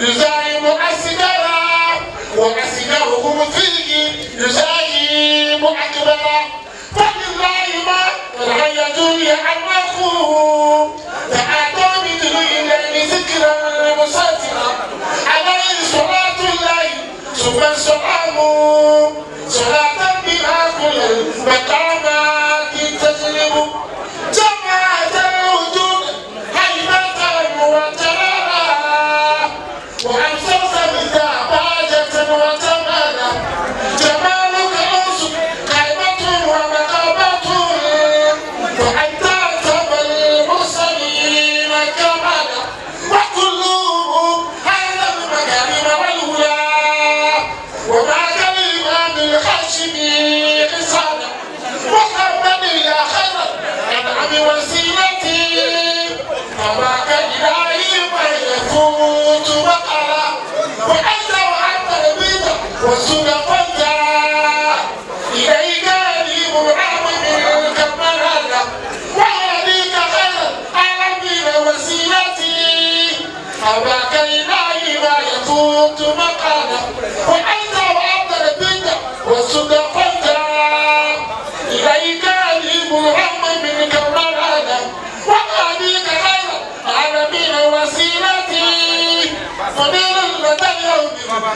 يزايم أسجرا وأسجرهم فيه يزايم أكبرا فلله ما الحياة يعرفه تعالوا مثل إليه ذكرا مسافرا عليه صلاة الله ثم سلام صلاة بها كل المقامات تجلب وأنا وأبدل بك وصدقك إليك أجيب محمد بن كمال هذا وأبيك خير العالمين وسيلتي فمن لدى اليوم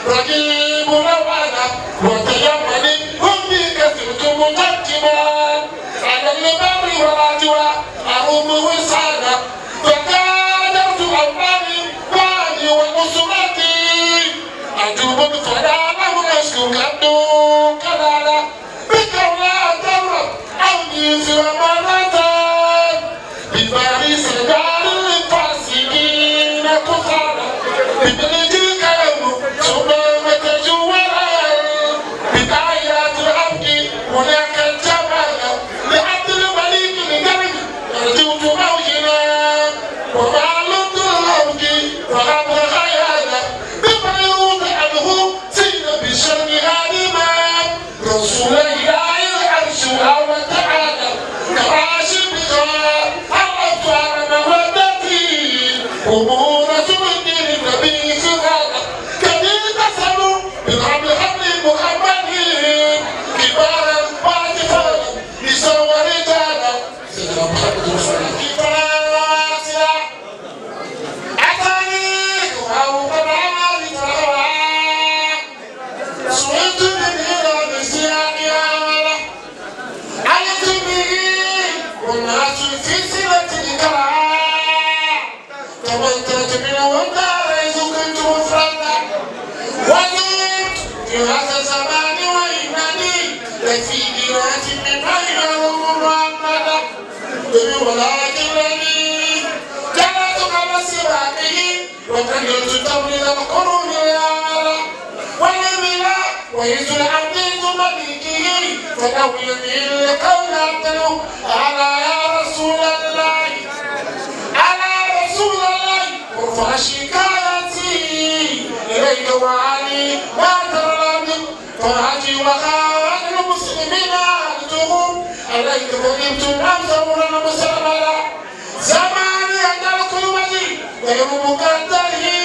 رقيب روانا وتيمني هم بك سرت مقدما على البر والعدوى أهم Oración القرنيان والملا ويز العزيز مليكه فله يذهل القول عدله على يا رسول الله على رسول الله وارفع شكايتي اليك وعني ما ترى فرعتي وخاف المسلمين عهدهم عليك فهمتم امس امرنا مسلما زماني عند القلوب غير مقدره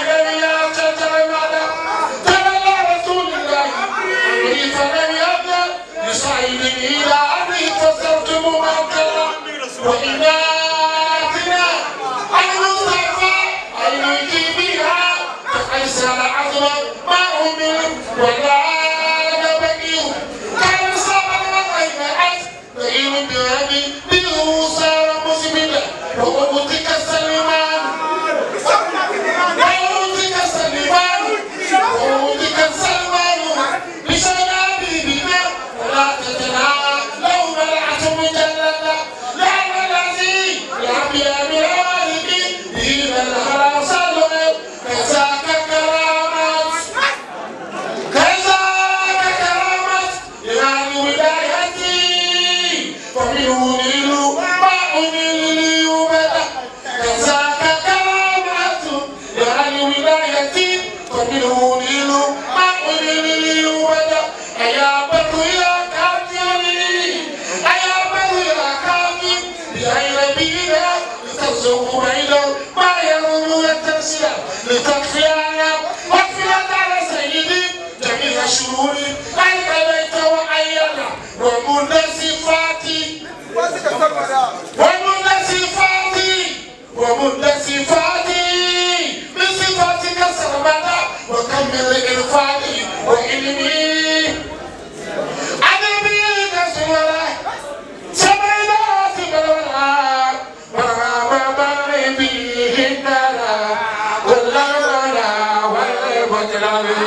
وعلم إلى عمي تصرتم موكلا وإناثنا عين الزرقاء عين جيبها تقيسر عظما ما أمر ولا نبني كان صبر وغير عز نعيم بربي النبيين لترزقون إلى ما يرون التنسيق لتكفي عنا واكفلت على سيدي جميع شرور ألقى بيت وعينا ومن صفات ومن صفات ومن صفات من صفاتك سرمدا وكم من إرفاني وعلمي Hallelujah.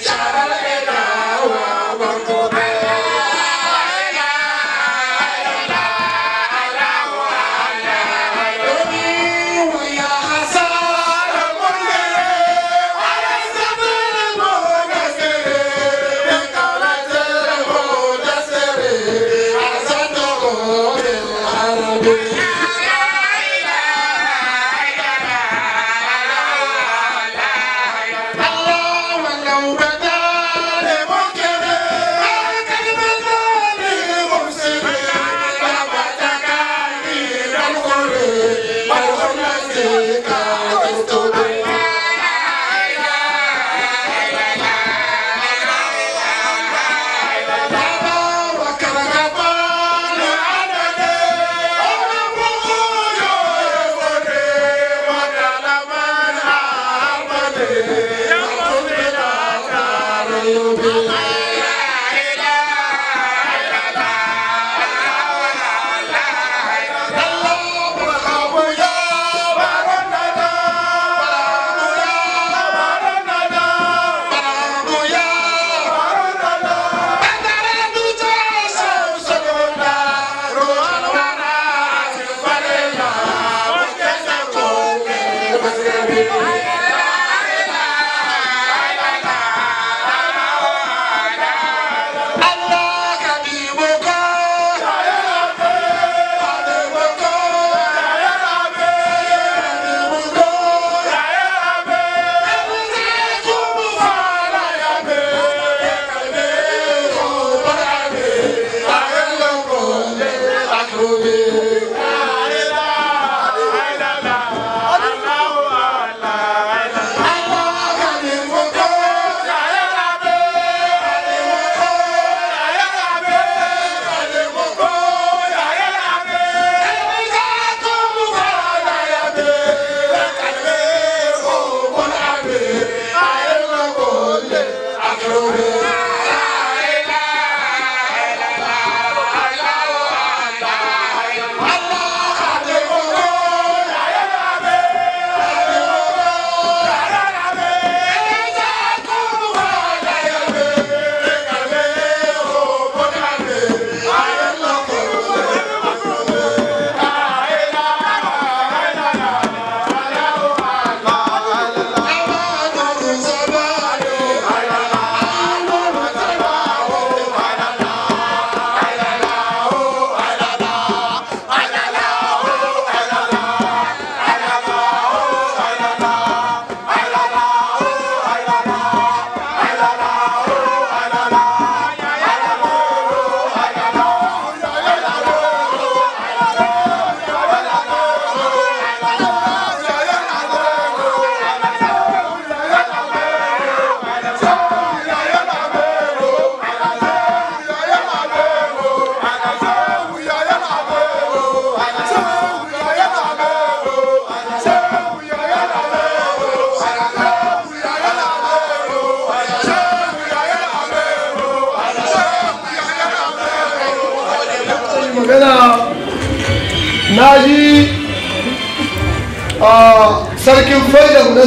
Shout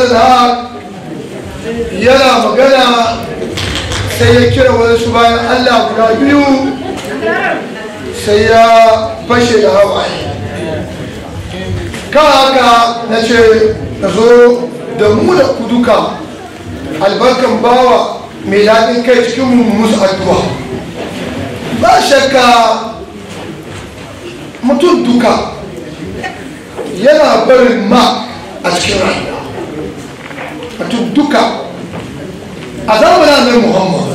da yana magana sai ya kira wasu bayan allah guda biyu sai ya fashe da hawaye kan haka na ce na zo da mu da kuduka albarkan bawa mai daɗin kai cikin musu addu'a ba shakka mutum duka yana barin ma a cikin rayuwa mutum duka a zamanin mai muhammad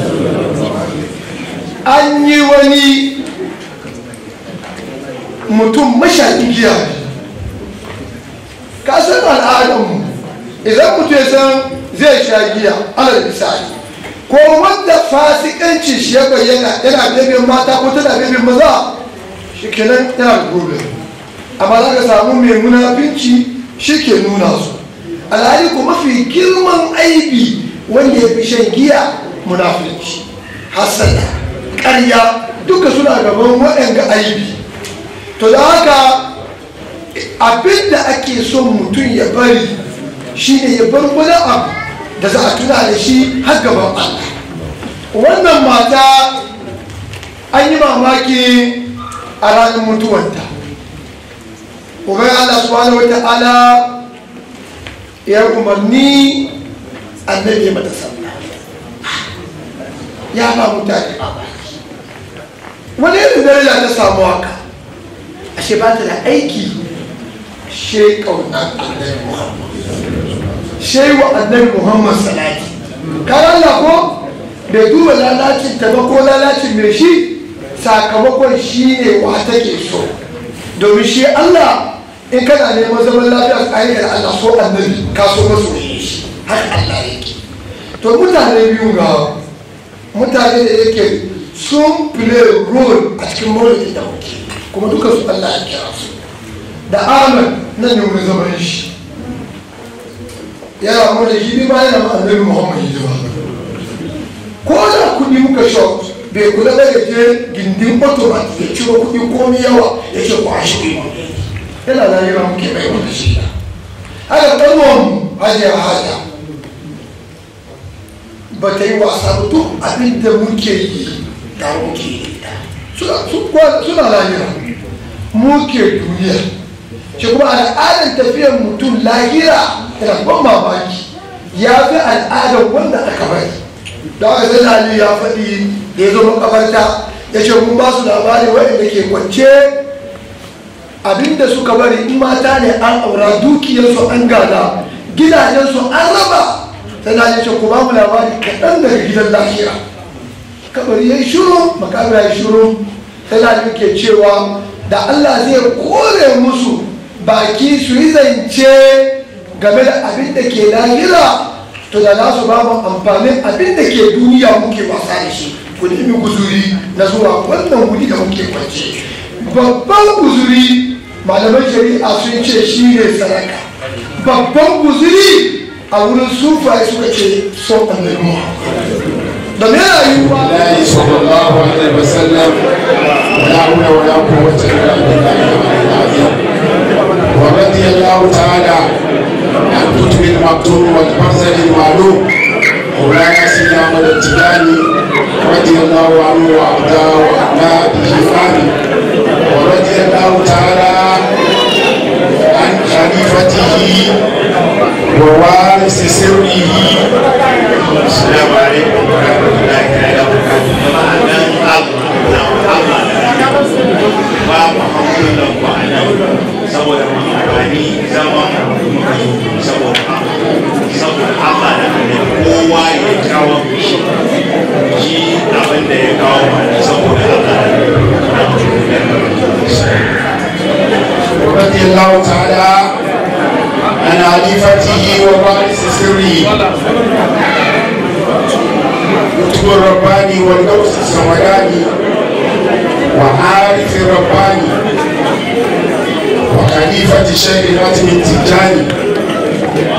an yi wani mutum mashaƙin giya kasar al'adunmu idan mutum ya san zai sha giya alal misali ko wanda fasikanci shi ya bayyana yana bebin mata ko tana bebin maza shi kenan yana da gobe amma za ka samu mai munafinci shi ke nuna su alhali ko mafi girman aibi wanda ya fi shan giya munafurci Hassan ƙarya duka suna gaban waɗanda aibi to da haka abinda ake son mutum ya bari shine ya bar abu da za a tuna da shi har gaban Allah wannan mata an yi mamaki a ranar mutuwanta kuma Allah subhanahu wa ta'ala ya umarni annabi mata sallah ya ba mutane a baki wani irin daraja ta samu haka a ashe ba ta da aiki she kaunar annabi muhammadu she wa annabi muhammad salati kayan ko bai duba lalacin ta ba ko lalacin mai shi sakamakon shi ne wa take so domin shi allah in kana neman zaman lafiya tsakanin da Allah so annabi ka so maso har Allah yake to mutane biyu ga mutane da yake sun play role a cikin maulidi da muke kuma duka su Allah ya kira su da Ahmed nan ne mun zaman shi yana mana hidima ma yana ma annabi Muhammad yi hidima ko da kuɗi muka shot bai kula da je gindin automat ya ciro kuɗi komai yawa ya ce ku ashe yana lahira muke mai wani shi haka kalmon hajiya haja ba ta yi wasa ba duk abin da muke yi da muke yi suna lahira muke duniya shi kuma al'adar tafiyar mutum lahira yana ban mamaki ya fi al'adar wanda aka bari da aka sai lali ya faɗi da ya zo makabarta ya ce mun ba su labari waɗanda ke kwance abinda suka bari in mata ne an aura dukiyarsu an gada gidajensu an raba tana ya ce kuma mu labari kaɗan daga gidan lafiya. kabari ya yi shiru makamai ya shiru tana da ke cewa da allah zai kore musu baki su yi zance game da abinda da ke lahira to da za su ba mu amfanin abin da ke duniya muke wasa da shi ku nemi guzuri na zuwa wannan wuri da muke kwance babban guzuri malaman shari'a sun ce shi ne sadaka babban guziri a wurin sufaye suka ce son annabi da me rayuwa lahi sallallahu alaihi wasallam la hawla wala quwwata illa billahi al-azim wa radiyallahu ta'ala an kutubi al-maktub wal farzal al-ma'lum مولانا سيدنا احمد التجاني رضي الله عنه وارضاه وعنا به امين ورضي الله تعالى mu sai sauri yi assalamu alaikum wa rahmatullahi ta'ala wa barakatuh ma'anan abu na muhammad ba muhammadan wa anan saboda muhammadi zaman muhammadi saboda saboda amana ne kowa ya kawo shi shi abin da ya kawo mana saboda Allah رضي الله تعالى ومعرفته وبارس سري كتب الرباني والدوس السمداني وعارف الرباني وخليفة شيخ الأتم التجاني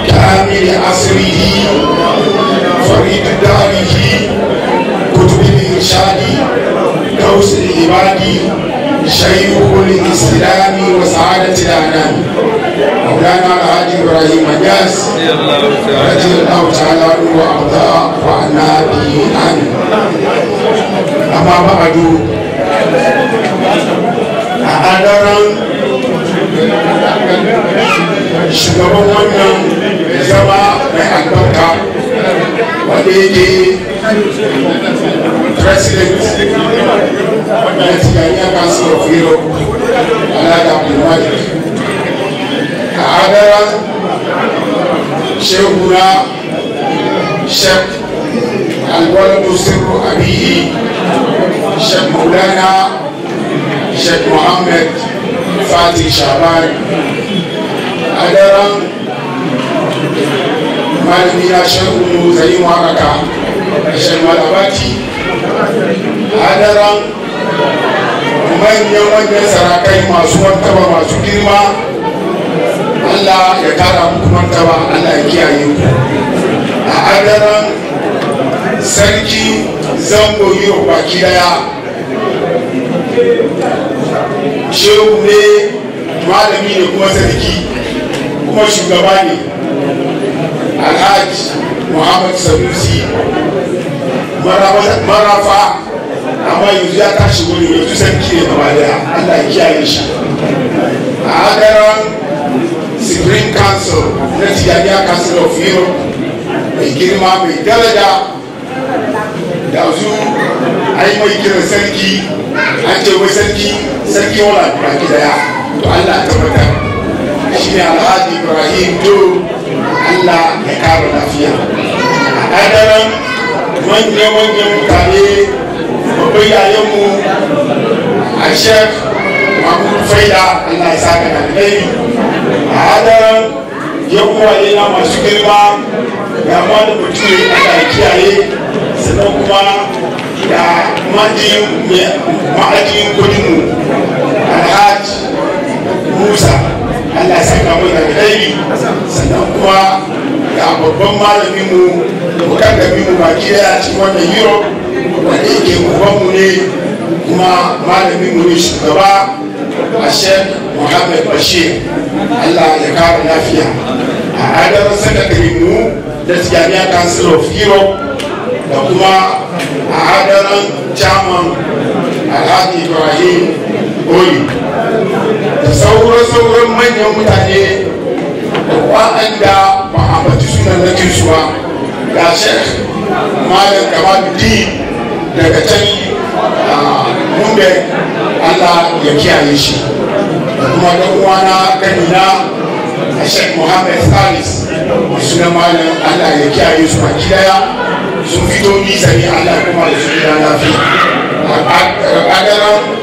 كامل عصره فريد داره كتب الإرشاد دوس العبادي شيخ الإسلام وسعادة الأنام مولانا الحاج إبراهيم مجاز رضي الله تعالى عنه وأرضاه وعنا به عنه أما بعد أدران shugaban wannan zama mai albarka Ọ̀dẹ́dẹ́ President Nigeria Embassy of Europe Alaga Abdulmalik Kaadara Shehuna Sheikh Alwaladu Sirru Abiyi Sheikh Maulana Sheikh Mohammed Fatih Shaban Adara. malami na shehu karim a da shemar abati hadaran manyan manyan sarakai masu martaba masu girma allah ya kara muku martaba allah ya kiyaye ku a adaran sarki zango yiro baki daya shehu ne malami ne kuma sarki kuma shugaba ne alhaji muhammad sanusi marafa amma yanzu ya tashi wani yanzu sarki ne gaba daya allah ya kiyaye shi a hadaran supreme council na tijaniya council of europe mai girma mai daraja da a yi mai sarki an ce wai sarki sarki wala baki daya to allah tabbatar shi ne alhaji ibrahim Do. Allah ya kara lafiya hadaran manya-manyan mutane babban yayanmu a shek mahmud faida Allah ya saka da a masu girma da ma da mutum Allah ya kiyaye sannan kuma da ma'ajin kudinmu alhaji musa Allah ya saka mu da alheri sannan kuma ga babban malamin mu da bukan gami mu baki daya a cikin wannan Europe wanda ke uban mu ne kuma malamin mu ne shugaba a Sheikh Muhammad Bashir Allah ya kara lafiya a adar sakatare mu da Tijaniya Council of Europe da kuma a adaran German Alhaji Ibrahim goyi sauran-sauran manyan mutane waɗanda ba a baci sunan na ga malam daga can allah ya kiyaye shi da kuma ganina a shek muhammad salis masu na malam allah ya kiyaye su baki daya sun fito nisa ne allah kuma da su gida lafiya a ƙadaran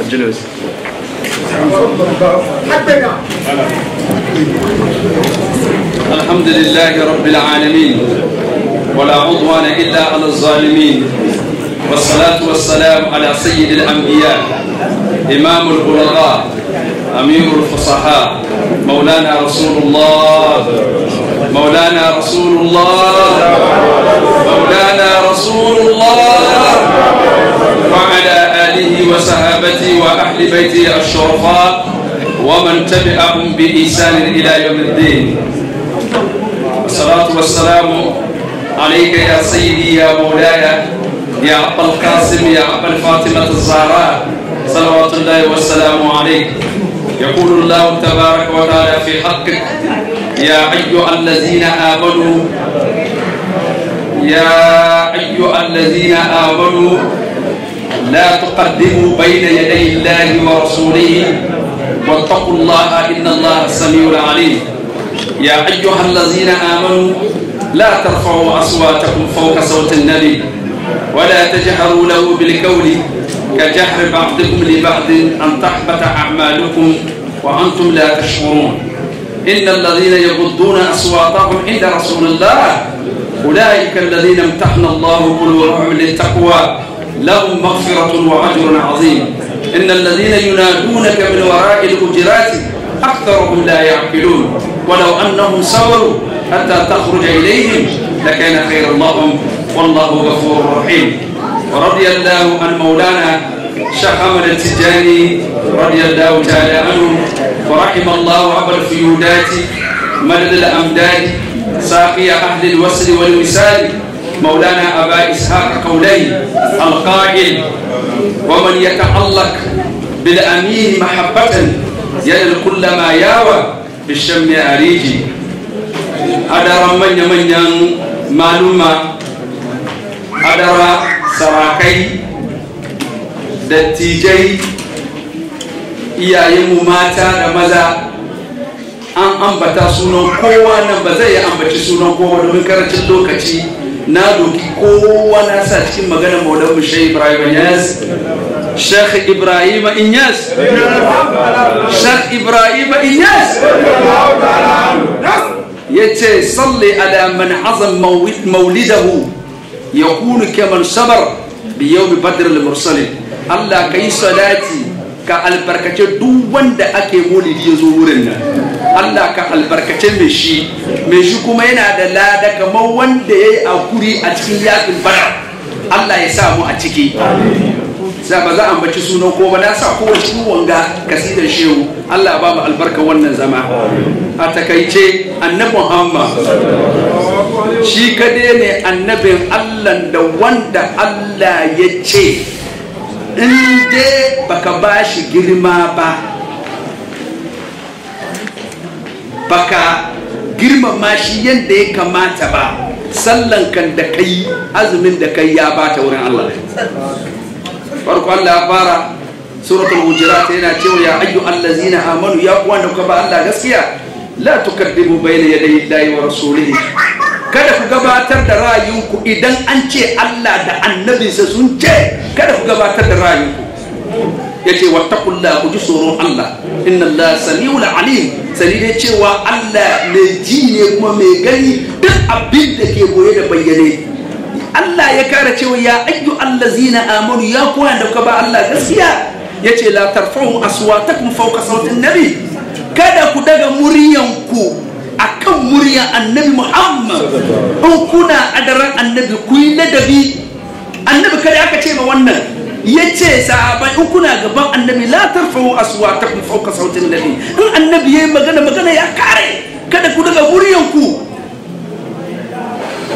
الجلوس الحمد لله رب العالمين ولا عضوان إلا على الظالمين والصلاة والسلام على سيد الأنبياء إمام البلغاء أمير الفصحاء مولانا رسول الله مولانا رسول الله مولانا رسول الله وعلى وصحابتي وأهل بيتي الشرفاء ومن تبعهم بإحسان إلى يوم الدين والصلاة والسلام عليك يا سيدي يا مولاي يا أبا القاسم يا أبا الفاتمة الزهراء صلوات الله والسلام عليك يقول الله تبارك وتعالى في حقك يا أيها الذين آمنوا يا أيها الذين آمنوا لا تقدموا بين يدي الله ورسوله واتقوا الله إن الله سميع عليم يا أيها الذين آمنوا لا ترفعوا أصواتكم فوق صوت النبي ولا تجهروا له بالقول كجهر بعضكم لبعض أن تحبط أعمالكم وأنتم لا تشعرون إن الذين يغضون أصواتهم عند رسول الله أولئك الذين امتحن الله قلوبهم للتقوى لهم مغفرة وعجر عظيم إن الذين ينادونك من وراء الحجرات أكثرهم لا يعقلون ولو أنهم صبروا حتى تخرج إليهم لكان خير الله والله غفور رحيم ورضي الله عن مولانا شيخ أحمد التجاني رضي الله تعالى عنه ورحم الله عبر الفيودات مدد الأمداد ساقي أهل الوصل والوسال مولانا أبا إسحاق قولي القائل ومن يتعلق بالأمين محبة يل كل ما ياوى بالشم أريجي أدرى من من ين معلومة أدرى سراكي دتيجي يا يمو ماتا رمزا أن أنبتا سنو قوانا بزي أنبتا سنو قوانا من كرة تلوكتي na doki kowa na sa cikin magana maulan mu shehu ibrahim yas Sheikh Ibrahim Inyas Sheikh Ibrahim Inyas yace salli ala man hazam maulidahu yakunu kaman sabar bi yawmi badr al mursalin Allah kai salati ka albarkace duk wanda ake maulidi yazo wurin nan Allah ka albarkace mai shi mai shi kuma yana da lada kamar wanda ya yi akuri a cikin yakin bara Allah ya sa mu a ciki za ba za a ambaci sunan ko ba na sa kowace wanga kasidar shehu Allah ba mu albarka wannan zama a takaice annabi Muhammad shi kadai ne annabin Allah da wanda Allah ya ce in dai baka ba shi girma ba baka girmama shi yadda ya kamata ba sallan kan da kai azumin da kai ya bata wurin Allah farko Allah ya fara suratul hujurat yana cewa ya ayyu allazina amanu ya kuwa da kuka ba Allah gaskiya la tukaddimu bayna yaday Allahi wa rasulihi kada ku gabatar da ra'ayinku idan an ce Allah da annabinsa sun ce kada ku gabatar da ra'ayinku ya ce wattaqullaha ku ji tsoron Allah inna Allah samiul alim sani dai cewa Allah mai ji ne kuma mai gani duk abin da ke goye da bayyane Allah ya kara cewa ya ayyu allazina amanu ya kuwa da ka ba Allah gaskiya ce la tarfa'u aswatakum fawqa sautin nabi kada ku daga muryanku akan muryan annabi muhammad in kuna adaran annabi ku yi ladabi annabi kada aka ce ma wannan yace sahabai in kuna gaban annabi la tarfa'u aswatakum fawqa sautin nabi in annabi magana magana ya kare kada ku daga muryan ku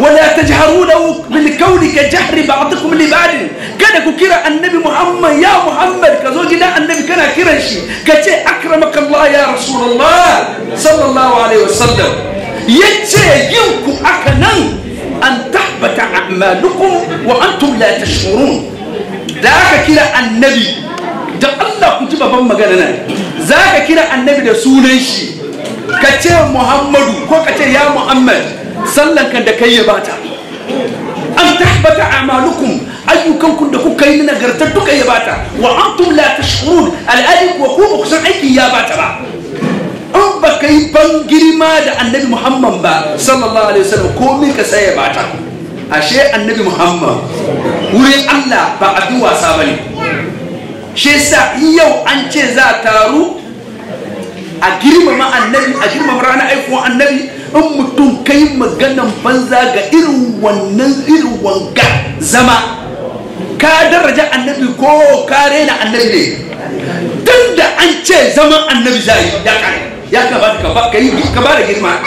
wala tajharu lahu bil qawli ka jahri ba'dukum li ba'd kada ku kira annabi muhammad ya muhammad ka zo gidan annabi kana kiran shi ka ce akramaka allah ya rasulullah sallallahu alaihi wasallam yace yin ku aka nan an tahbata a'malukum wa antum la tashurun da ka kira annabi da Allah ku ji babban magana nan za ka kira annabi da sunan shi ka ce muhammadu ko ka ce ya muhammad sallan kan da kai ya bata an tahbata amalukum ayyukan kun da kuka yi nagartar duka ya bata wa antum la tashurun al'adi wa ku san aiki ya bata ba an ba ka yi ban girma da annabi muhammad ba sallallahu alaihi wasallam komai ka sai bata ashe annabi muhammad wurin Allah ba a wasa ba ne shi sa yau an ce za taru a girmama annabi a girmama ranar aikon annabi in mutum kai maganan banza ga irin wannan irin wanga zama ka daraja annabi ko ka na annabi ne tun da an ce zama annabi za yi ya kare ya ka ba da girma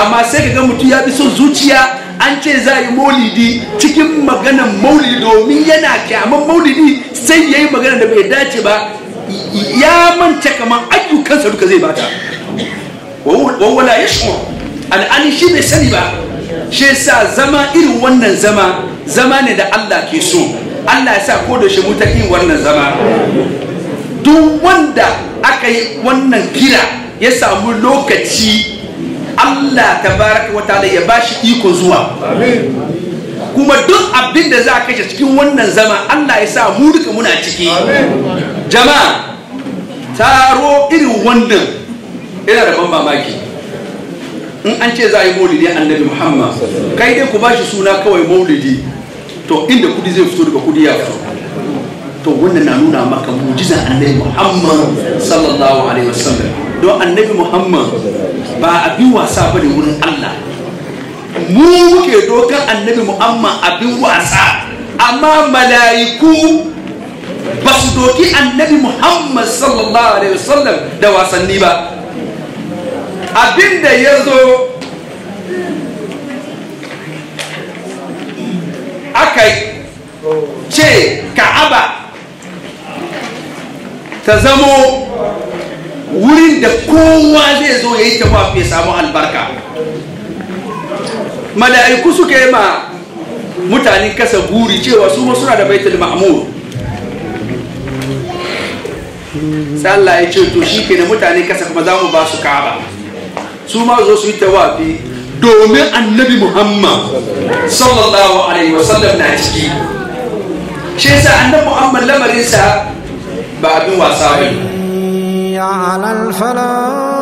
amma sai ka ga mutum ya fi son zuciya an ce za yi maulidi cikin maganan maulidi domin yana kyaman maulidi sai ya yi magana da bai dace ba ya manta kamar ayyukansa duka zai bata wawala ya shi al'ani shi bai sani ba shi sa zama irin wannan zama zama ne da allah ke so allah ya sa ko da shi yin wannan zama duk wanda aka yi wannan kira ya samu lokaci Allah tabaraka wa ta'ala ya bashi iko zuwa kuma duk abin da za a kashe cikin wannan zama Allah ya sa mu duka muna ciki jama'a taro irin wannan yana da ban mamaki in an ce za a yi maulidi annabi muhammad kai dai ku bashi suna kawai maulidi to inda kudi zai fito daga kudi ya fito to wannan na nuna maka mujizan annabi muhammad sallallahu alaihi wasallam don annabi muhammad ba abin wasa ba ne wurin Allah mu muke dokar annabi mu'amma abin wasa amma mala'iku ba su doki annabi muhammad sallallahu alaihi wasallam da wasanni ba abin da ya zo aka ce ka'aba ta zamo wurin da kowa zai zo ya yi ya samu albarka mala'iku suka yi ma mutanen kasa buri cewa su suna da baitul ma'mur tsalla ya ce to shi na mutanen kasa kuma za mu ba su kaba su ma zo su yi tawafi domin annabi muhammad sallallahu alaihi wasallam na ciki shi yasa annabi muhammad lamarinsa ba abin wasa bane على الفلاح